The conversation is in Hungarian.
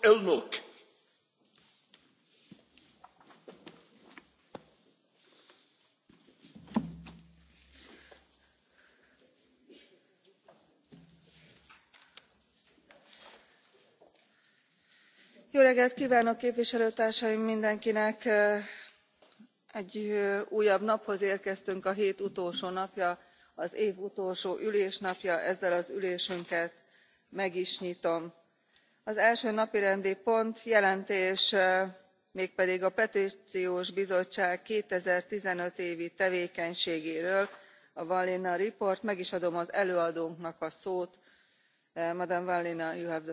elnök! jó reggelt kvánok képviselőtársaim mindenkinek! egy újabb naphoz érkeztünk a hét utolsó napja az év utolsó ülésnapja ezzel az ülésünket meg is nyitom az első napirendi pont jelentés mégpedig a petciós bizottság two thousand and fifteen évi tevékenységéről a vallina report. meg is adom az előadónknak a szót. madame vallina you have the floor.